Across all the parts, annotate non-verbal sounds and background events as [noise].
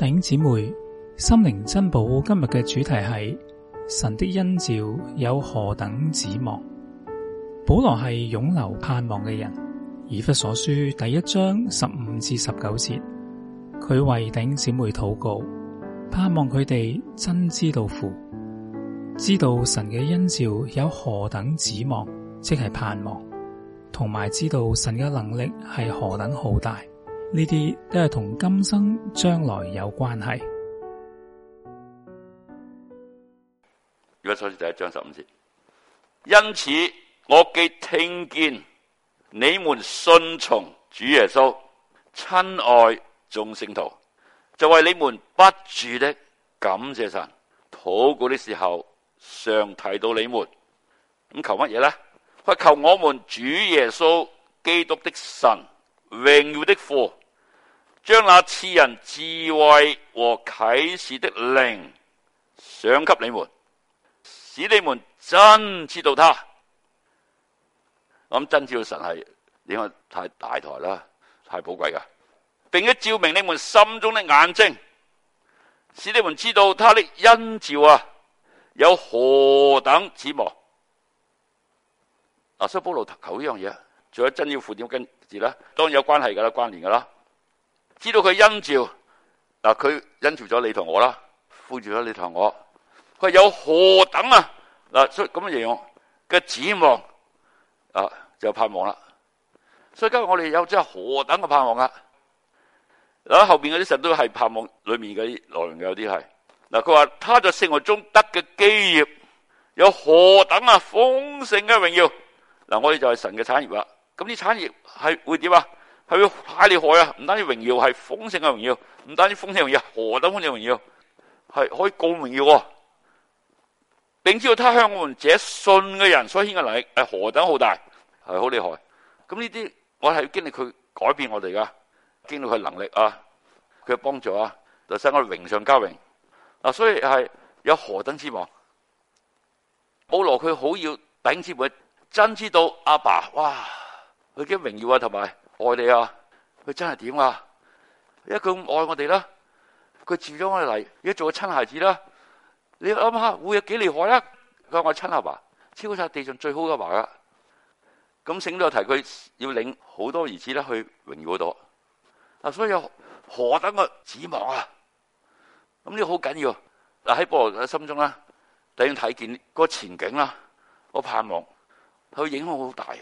弟兄姊妹，心靈珍寶今日嘅主題係神的恩召有何等指望？保羅係擁留盼望嘅人，以弗所書第一章十五至十九節，佢為弟兄姊妹禱告，盼望佢哋真知道父，知道神嘅恩召有何等指望，即係盼望，同埋知道神嘅能力係何等浩大。呢啲都係同今生將來有關係。如果首先第一章十五節，因此我既聽見你們信從主耶穌，親愛眾聖徒，就為你們不住的感謝神。禱告的時候，常提到你們。咁求乜嘢咧？求我們主耶穌基督的神，榮耀的父，將那賜人智慧和啟示的靈賞給你們，使你們真知道他。我諗真照神係你看太大台啦，太寶貴噶，並且照明你們心中的眼睛，使你們知道他的恩召啊有何等指望。啊，所以保羅求呢樣嘢，仲有真要負點跟字啦，當然有關係噶啦，關聯噶啦。知道佢恩召，嗱佢恩召咗你同我啦，呼住咗你同我，佢有何等啊？嗱，所以咁嘅形容嘅指望啊，就盼望啦。所以今日我哋有真係何等嘅盼望啊！嗱，後邊嗰啲神都係盼望，面盼望裏面嗰啲內容有啲係嗱。佢話他在聖徒中得嘅基業有何等啊豐盛嘅榮耀？嗱，我哋就係神嘅產業啊。咁啲產業係會點啊？係會太厲害啊！唔單止榮耀，係豐盛嘅榮耀，唔單止豐盛榮耀，何等豐盛榮耀？係可以告榮耀的，並知道他向我們這信嘅人所顯嘅能力係何等浩大，係好厲害。咁呢啲我係要經歷佢改變我哋噶，經歷佢能力啊，佢嘅幫助啊，就使、是、我哋榮上加榮。嗱，所以係有何等之望？保羅佢好要頂住佢，真知道阿爸，爸，哇！佢嘅榮耀啊，同埋。愛你啊，佢真係點啊？因為佢咁愛我哋啦，佢照咗我哋嚟而家做個親孩子啦。你諗下，會有幾厲害咧、啊？佢話我親阿爸，超晒地上最好嘅爸啦。咁聖都提佢要領好多兒子咧去榮耀嗰度。嗱，所以有何等嘅指望啊！咁呢個好緊要。嗱喺保羅嘅心中啦，突然睇見個前景啦，我盼望他響，佢影響好大啊！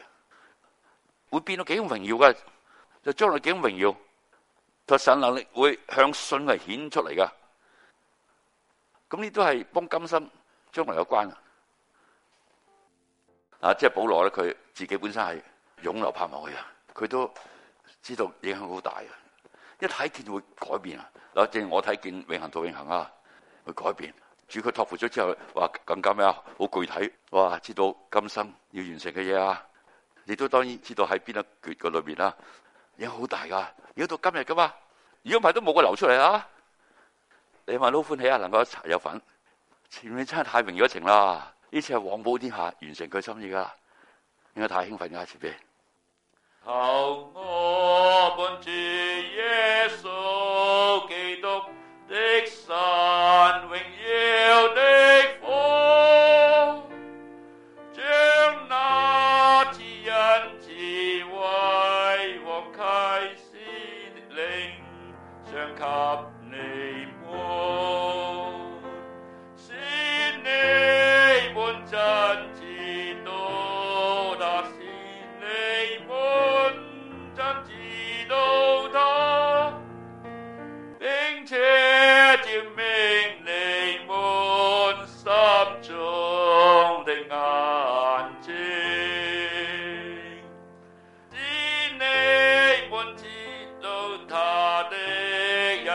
會變到幾咁榮耀噶？就將來幾咁榮耀，神能力會向信嚟顯出嚟噶。咁呢都係幫今生將來有關噶。 [noise] 啊，即係保羅咧，佢自己本身係湧流盼望嘅人，佢都知道影響好大嘅。一睇見會改變啊！嗱，正 [noise] 我睇見永恆到永恆啊，會改變。主佢托付咗之後，話更加咩啊？好具體，哇！知道今生要完成嘅嘢啊！你都當然知道喺邊一橛嘅裏面啦，影響好大噶，影響到今日噶嘛，如果唔係都冇個流出嚟啊！你話都歡喜啊，能夠一齊有份，前面真係太明咗情啦，呢次係黃袍天下完成佢心意噶啦，應該太興奮噶啦、啊、前面。好。